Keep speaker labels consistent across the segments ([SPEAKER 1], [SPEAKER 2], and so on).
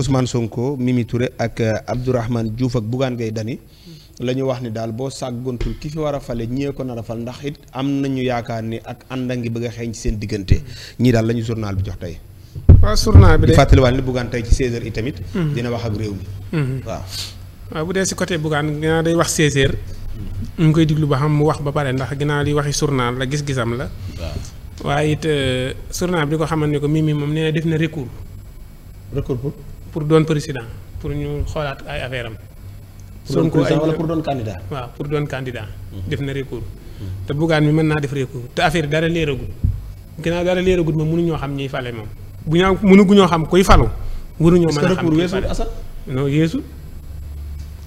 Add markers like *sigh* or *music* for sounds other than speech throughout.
[SPEAKER 1] Ousmane Sonko Mimi Touré ak euh, Abdourahmane Diouf ak Bougane Gueye Dany la ñu wax ni daal boo sàggontul ki fi war a fale ñee ko nar a fal ndax it am nañu yaakaar ni ak ànd a ngi bëgg a xeeñ ci seen diggante ñii daal la ñu journal bi jox tey.
[SPEAKER 2] waaw journal bi de di fàttaliwaat
[SPEAKER 1] ni Bougane tey ci 16h
[SPEAKER 2] itamit. Hmm. dina wax ak réew mi. Hmm. waaw. waaw bu dee si côté Bougane ginnaaw day wax 16h. ñu ngi koy diglu ba xam mu wax ba pare ndax ginnaaw li waxi journal la gis-gisam la. waaw waaye it euh, pour doon président pour ñu xoolaat ay affaire am. Sonko ay wala pour doon candidat. waaw pour doon candidat. Mm-hmm. def na recours. Mm-hmm. te Bougane mi mën naa def recours te affaire dara leeragul ginnaaw dara leeragul moom mënuñoo xam ñiy fale moom bu ñu mënuñoo xam kuy falu. waruñoo mën a xam kuy fale non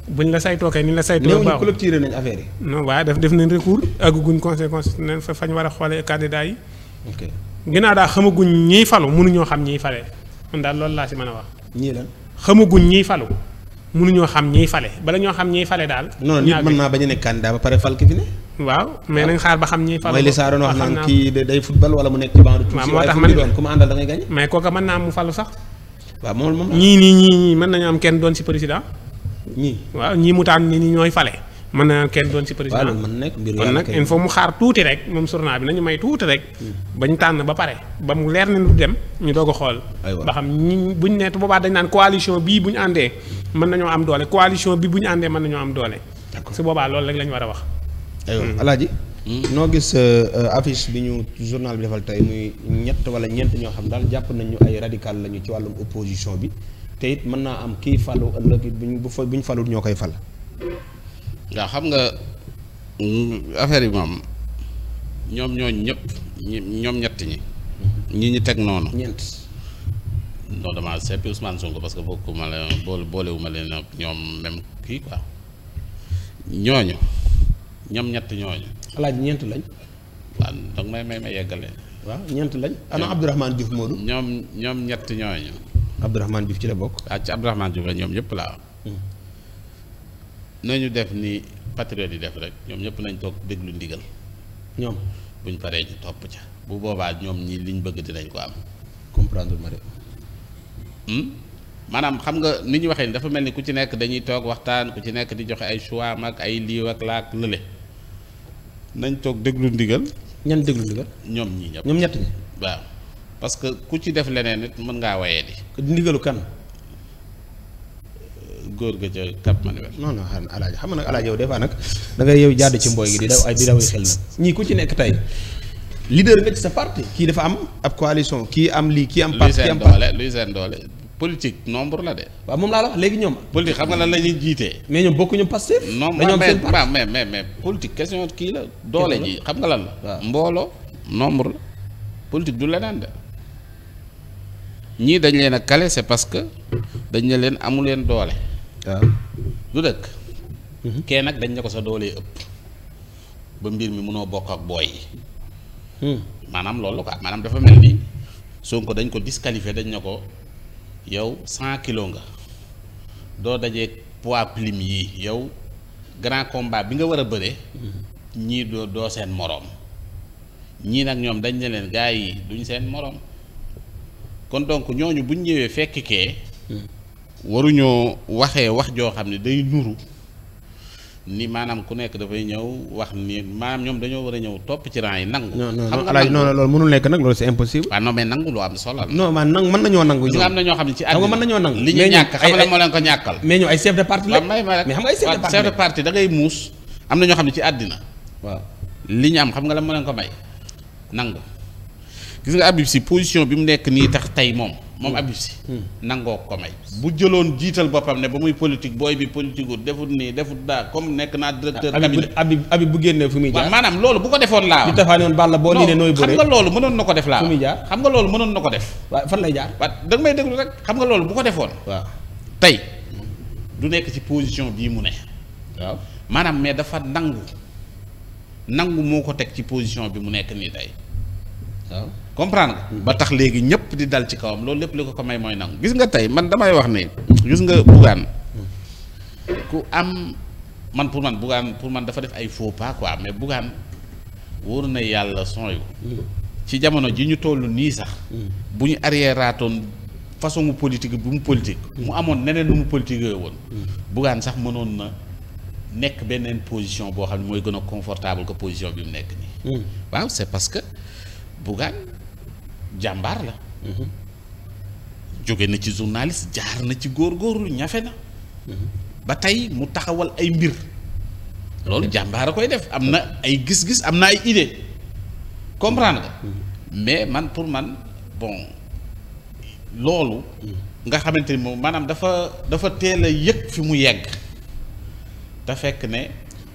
[SPEAKER 2] buñ la saytoo kay ni la saytoo nañ affaire yi. non waaye daf def nañ recours àgguñ conséquence nañ fa fañ war a xoolee candidat yi. ok xamaguñ ñiy falu mënuñoo xam ñiy fale man daal loolu laa si mën a wax. ñii lan xamaguñ ñiy falu mënuñoo xam ñiy fale bala ñoo xam ñiy fale daal. non nit mën naa bañ a nekk candidat ba pare fal ki fi ne. waaw mais nañ xaar ba xam ñiy falu. mooy li saa doon wax naan kii
[SPEAKER 1] day football wala
[SPEAKER 2] mu nekk ci banc de touche. waaw moo tax man doon ku ma àndal da ngay gañe. mais kooka mën naa am mu falu sax. waaw moom moom ñii nii ñii ñii mën nañu am kenn doon si président. ñii waaw ñii mu tànn ñi ñooy fale mën na kenn doon si président kon nag il faut mu xaar tuuti rek moom journal bi nañu may tuuti rek hmm. ñu tànn ba pare ba mu leer ne lu dem ñu doog a xool ba xam ñi buñ nekk boobaa dañ naan coalition bii bu ñu àndee mën nañoo am doole coalition bi bu ñu àndee mën nañoo am doole su boobaa loolu rek la ñu war a wax
[SPEAKER 1] hmm. alaaji hmm? noo gis euh, euh, affiche bi ñu journal bi defal tey muy ñett wala ñeent ñoo xam daal jàpp nañu ay radical lañu ci wàllum opposition bi te it mën naa am kii falu ëllëg bu ñu bu ñu falul ñoo koy fal waaw xam nga affaire yi moom ñoom ñooñ ñëpp ñoom ñett ñi ñi ñu teg noonu ñeent non dama seppi Ousmane Sonko parce que bokkuma la boole boolewuma leen ak ñoom même kii quoi ñooñu ñoom ñett ñooñu alaaji ñeent lañ waaw donc may may ma yeggale waaw ñeent lañ ana Abdourahmane Diouf Modou ñoom ñoom ñett ñooñu Abdourahmane Diouf ci la bokk waaw ah, ci Abdourahmane Diouf la ñoom ñëpp laa hmm. nañu def ni patriote yi def rek ñoom ñëpp nañ toog déglu ndigal ñoom buñ paree topp ca bu boobaa ñoom ñi liñ bëgg dinañ ko am. comprendre hmm? maanaam xam nga ni ñu waxee dafa mel ni ku ci nekk dañuy toog waxtaan ku ci nekk di joxe ay choix ak ay liiw ak laak lële nañ toog déglu ndigal. ñan déglu ñoom ñii ñëpp ñoom ñett ñi. waaw parce que ku ci def leneen it mën ngaa wayee di. ndigalu kan. góor ga ca Cap Manuel. non non alaaji xam nga nag alaaji yow des fois nag da ngay yow jàdd ci mbooy gi di daw ay di daw xel nag ñii ku ci nekk tey leader nga ci sa parti kii dafa am ab coalition kii am lii kii am parti kii am parti luy seen doole politique nombre la de. waaw moom laa la wax léegi ñoom. politique xam nga lan la ñuy jiitee. mais ñoom bokkuñu Pastef. dañoo am seen part mais mais mais politique question kii la. doole ji xam nga lan la. mbooloo nombre la politique du leneen de. ñii dañ leen a kale c'est parce que dañ ne leen amu leen doole. lu du dëkk kee nag dañ ne ko sa doolee ëpp ba mbir mi mënoo bokk ak booy yi hmm. maanaam loolu ak maanaam dafa mel ni Sonko dañ ko disqualifié dañ ne ko yow cent kilo nga doo dajee poids plume yii yow grand combat bi nga war a bëre hmm. ñii doo doo seen moroom ñii nag ñoom dañ ne leen gars yi duñ seen moroom kon donc ñooñu buñ ñëwee fekk kee hmm. waruñoo waxee wax joo xam ne day nuru ni maanaam ku nekk dafay ñëw wax ni maanaam ñoom dañoo war a ñëw topp ci rang yi nangu. non non alaaj non loolu mënul nekk nag loolu c'est impossible. waaw ah, non mais nangu lu am solo la. man nañoo nangu. am na ñoo xam ne ci àddina mën nañoo nangu. li ñu ñàkk xam nga moo leen ko ñàkkal. mais ñoom ay chef de la mais xam nga ay am na ñoo xam ne ci àddina. waaw li ñu am xam nga la moo leen ko may nangu gis nga Habib si position bi mu nekk nii tax tey moom moom hmm. Habib Sy hmm. nangoo ko may bu jëloon jiital boppam ne ba muy politique booy bi politique wut defut nii defut daa comme nekk naa directeur cabinet Habib bu génnee fu muy jaar maanaam loolu bu ko defoon laa di tafaane woon ne nooy bëre xam nga loolu mënoon na ko def laa fu muy jaar xam nga loolu mënoon na ko def waaw fan lay jaar waaw da nga may déglu rek xam nga bu ko defoon tey du nekk ci position bii mu ne waaw maanaam mais dafa nangu nangu moo ko teg ci position bi mu nekk nii tey comprendre nga. ba tax léegi ñëpp di dal ci kawam loolu lépp li ko ko may mooy nangu gis nga tey man damay wax ne gis nga Bougane ku am man pour man Bougane pour man dafa def ay faux pas quoi mais na yàlla son ci jamono ji ñu toll nii sax. bu ñu arrière raatoon politique bu mu politique. mu amoon neneen nu mu politique woon. Bougane sax mënoon na nekk beneen position boo xam ne mooy gën a confortable que position bi mu nekk nii. Mm. parce que Bougane jàmbaar la mhm. jóge na ci journaliste jaar na ci góor góorgóorlu ñafe na ba tey mu taxawal ay mbir loolu jàmbaar a koy def am na ay gis-gis am na ay idée comprend nga mhm. mais man pour man bon loolu mhm. nga xamante ni moom maanaam dafa dafa teel a yëg fi mu yegg te ne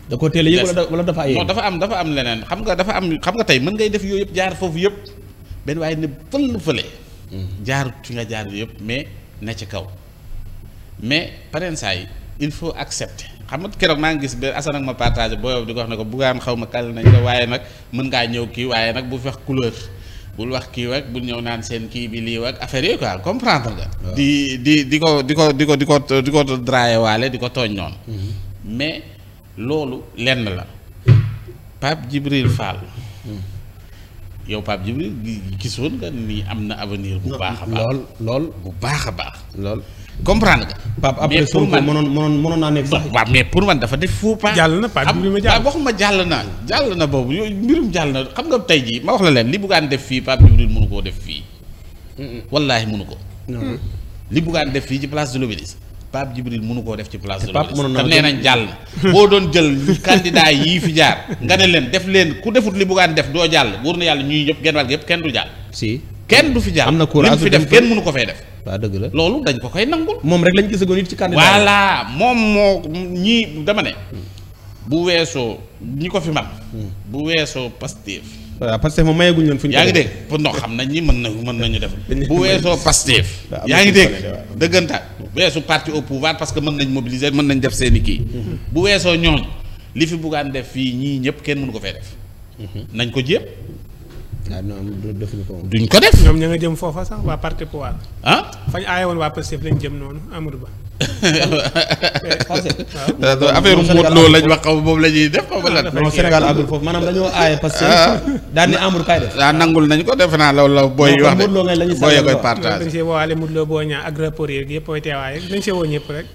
[SPEAKER 1] da ko teel dafa dafa am dafa am leneen xam nga dafa am xam nga tey mën ngay def yooyu yëpp jaar foofu yëpp benn waaye ne fël fële. jaar fi nga jaar yëpp mais na ci kaw mais pareen saa yi il faut accepter xam nga keroog maa ngi gis ba Assane ak ma partagé booyof di ko wax ne ko buggaan xaw ma kàll nañ ko waaye nag mën ngaa ñëw kii waaye nag bu fex couleur bul wax kii wak bul ñëw naan seen kii bi lii wak affaire yi quoi comprendre nga. di di di ko di ko di ko di ko di ko waale di ko tooñ noonu. Mm-hmm. mais loolu lenn la Pape Djibril Fall. Mm. yow Pape Djibril gisoon nga ni am na avenir. bu baax a baax lool lool bu baax a baax. lool comprendre nga. Pape après Sonko mënoon mënoon mënoon naa nekk sax. waaw mais pour man dafa def faux pas. jàll na Pape Djibril ma jàll waxuma jàll na jàll na boobu yooyu mbirum jàll na xam nga tey jii ma wax la leen li buggaan def fii Pape Djibril mënu koo def fii. wallaahi mënu ko. Mm. li buggaan def fii ci place de l'Obélisque. Pape Djibril mënu koo def ci place de l'Obélisque. te Pape mënoon naa jàll na. boo doon jël candidat yii fi jaar nga ne leen def leen ku defut li buggaan def doo jàll wóor na yàlla ñuy ñëpp genn wàll yëpp kenn du jàll si kenn du fi jàll am na courage li def kenn mënu ko fay def waaw dëgg la loolu dañ ko koy nangul moom rek lañ gisagoon it ci candidat voilà moom moo ñii dama ne hmm. bu weesoo ñi ko fi man hmm. bu weesoo Pastef waaw euh, Pastef moom mayeguñ leen fu ñu. yaa ngi dégg pour nañ ni mën na mën nañu def. bu weesoo Pastef. yaa ngi dégg dëggantaan. bu weesu parti au pouvoir parce que mën nañ mobiliser mën nañ def seen i mhm. bu weesoo ñooñ li fi
[SPEAKER 2] buggaan def fii ñii ñëpp kenn mënu ko fee def. Mhm. nañ ko jéem.
[SPEAKER 1] waaw ah, non defuñu ko woon. duñ ko def. ñoom ña nga
[SPEAKER 2] jëm foofa sax waa parte pouvoir. ah fañ aaye woon waa Pastef lañ jëm noonu Amadou Ba. *laughs* Euh, waaw affaire Modou Lo lañ wax xaw boobu la def xaw ma lan. non Sénégal àggul foofu
[SPEAKER 1] ni amul kay def. waaw ah, nangul nañ ko def naa loolu la booy wax de booy yi koy partage.
[SPEAKER 2] dañ see yëpp rek.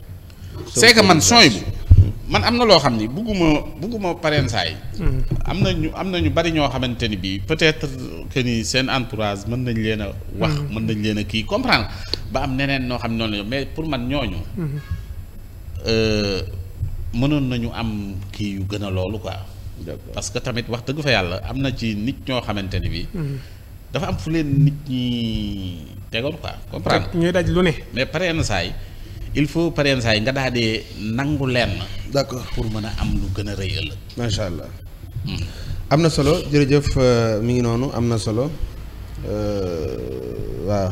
[SPEAKER 2] c'est man sooy
[SPEAKER 1] bu man
[SPEAKER 2] am na loo xam ni bugguma
[SPEAKER 1] bugguma parensaay hmm. am na ñu am na ñu bari ñoo xamante ni bii peut-être que seen entourage mën nañ leen a. wax hmm. mën nañ leen a kii comprendre ba am neneen noo xam ne noonu la mais pour man ñooñu. Hmm. Euh, mënoon nañu am kii yu gën a loolu ko parce que tamit wax tëgg fa yàlla am na ci nit ñoo xamante ni bi mhm. dafa am fu leen nit ñi tegoon quoi. comprendre ñuy daj lu ne. mais par yenn saa yi il faut par saa yi nga daal di nangu leen. d'accord pour mën a am lu gën a rëy ëllëg. macha allah. Hmm. am na solo jërëjëf euh, mi ngi noonu am na solo euh, waaw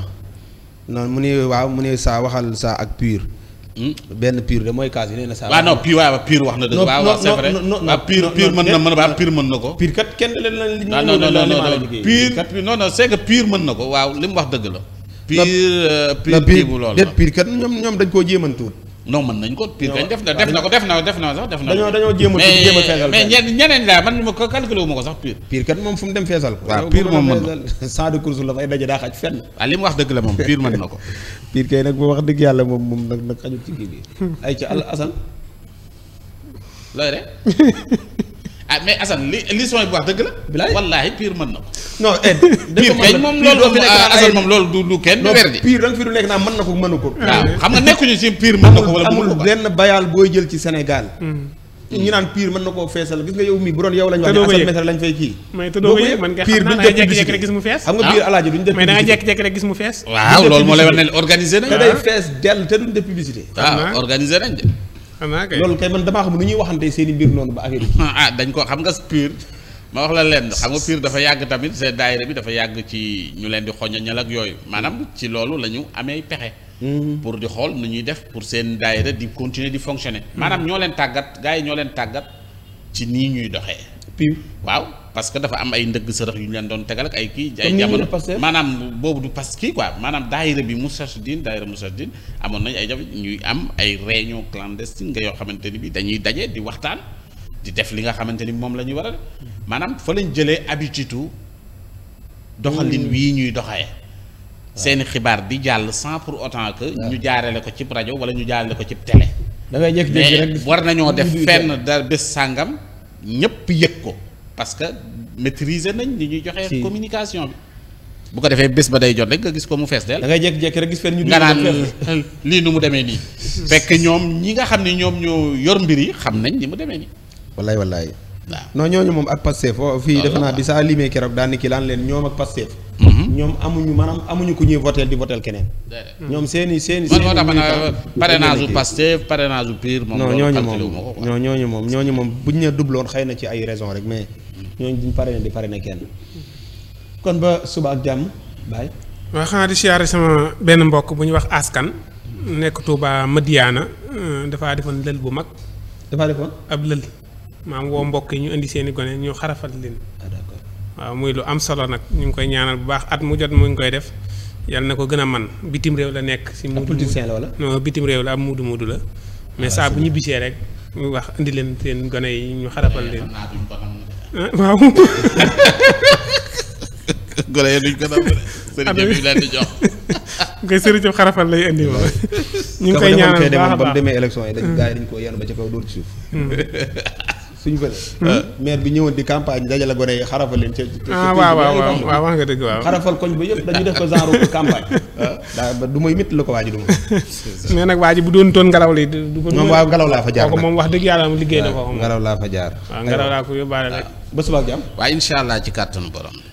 [SPEAKER 1] noonu mu ne waaw mu ne saa waxal saa ak pur. Hmm? benn pire de mooy cas yi nee na saa. waaw non pire waaw pire wax na dëgg. waaw waaw c'est vrai waaw ah, pire mën na mën waaw pire mën na ko. pire kat kenn leen la li non non non pire non non c'est que mën na ko waaw li mu wax dëgg la. pire euh, pire bu loolu la pire kat ñoom ñoom dañ koo jéemantuut non mën nañ ko. pire kañ def na def na ko def na def na sax def na. dañoo dañoo jéem a jéem a feesal mais mais ñeneen laa man ma ko calculé ko sax pire. pire kat moom fu mu dem feesal ko. waaw pire moom mën na sans de la fay daje daa xaj fenn. waaw li mu wax dëgg la moom pire mën na ko. *laughs* pire kay nag bu wax dëgg yàlla moom moom nag nag xajul ci kii bi. ay ca Al Assane. looy rek. *laughs* ah mais Assane li li sooy bu wax dëgg la. bilaay wallaahi pire mën na ko. non eh. *laughs* pire moom ah, loolu du kenn du werdi. pire da nga fi du nekk naa mën na ko mënu ko. waaw ah, eh. xam nga nekkuñu ci pire mën na ko wala mënu ko benn bayaal booy jël ci Sénégal. Hmm. ñu naan pire mën na koo feesal gis nga yow mi bu doon yow lañ wax ne Assane Mesere lañ fay kii mais te ko yëg man nga xam naa jékki xam nga biir ah. alaaji duñ def mais da waaw loolu moo lay wax ne organisé nañ te day fees dell te Ah, loolu kay man damaa xam nu ñuy waxante seen i mbir noonu ba affaire yi. ah dañ ko xam nga pur ma wax la leen xam nga pur dafa yàgg tamit seen daayira bi dafa yàgg ci ñu leen di xoñañal ak yooyu maanaam ci loolu la ñu amee pexe. Mm-hmm. pour di xool nu ñuy def pour seen daayira di continuer di fonctionner. maanaam ñoo leen tàggat gars yi ñoo leen tàggat ci nii ñuy doxee. pur waaw. parce que dafa am ay ndëgg sërëx yu ñu leen doon tegal ak ay kii ay jamono maanaam boobu du parce kii quoi maanaam daayira bi Moustarchidine daayira Moustarchidine amoon nañu ay jafe ñuy am ay réunion clandestine nga yoo xamante ni bi dañuy daje di waxtaan di def li nga xamante ni moom la ñuy war a maanaam fa lañ jëlee habitude doxalin hmm. wii ñuy doxee seeni xibaar di jàll sans pour autant que ñu jaarale ko ci rajo wala ñu jaarale ko ci tele da ngay war nañoo def fenn da bés sàngam ñépp yëg ko parce que maîtriser nañ li ñuy joxe. communication bi. bu ko defee bés ba day jot rek nga gis ko mu fees del da ngay jékki-jékki rek gis fenn ñu. nga naan lii nu mu demee nii. fekk ñoom ñi nga xam ne ñoom ñoo yor mbir yi xam nañ ni mu demee nii. wallaay wallaay. waaw non ñooñu moom ak Pastef fii defe naa bi saa limee keroog daan ni ki laan leen ñoom ak Pastef. Mhm. ñoom amuñu maanaam amuñu ku ñuy votel di votel keneen. ñoom seeni seeni seen i. man moo tax parrainage u Pastef parrainage u PUR. moom ñooñu moom ñooñu moom ñooñu moom buñ ne dubloon xëy na ci ay raison rek mais ñooñu duñ parrainé di na kenn kon ba suba ak
[SPEAKER 2] jàmm baay waaw xanaa di siyaare sama benn mbokk bu ñu wax askan nekk Touba Madiana euh, dafaa defoon lël bu mag. dafaa defoon ab lël maam woo mbokk yi ñu indi seeni i gone ñu xarafal leen. Ah, waaw muy lu am solo nag ñu ngi koy ñaanal bu baax at mu jot mu koy def yàlla na ko gën a man bitim réew la nekk. si muudu politicien la wala. non la ab muudu la. Ah, mais saa rek ñu wax ñu xarafal leen. waaw. *laughs* golo yee duñ ko def sëriñ bi leen di jox. *laughs* nga sëriñ bi xarafal lay indi woon. *laughs* ñu ngi koy ñaanal bu baax a ba mu demee élection yi dañ mm. gaa yi dañ ko yenn ba ci kaw dóor ci suuf. Mm. suñu fële.
[SPEAKER 1] Mm. Euh, maire bi ñëwoon di campagne dajale gone yi xarafal leen. ah waaw waaw waaw wax nga dëgg waaw. xarafal
[SPEAKER 2] koñ ba yëpp dañu def ko genre campagne.
[SPEAKER 1] Ah, daa du ma mit la ko waaji du ma *laughs* mais
[SPEAKER 2] nag waaji bu doon toon ngelaw li du ko moom waaw ngelaw laa fa jaar ko moom wax dëgg yàlla liggéey na ko ngelaw laa fa jaar waaw ngelaw
[SPEAKER 1] laa ko yóbbaale rek ba suba ak jàmm waaw allah ci kàttanu borom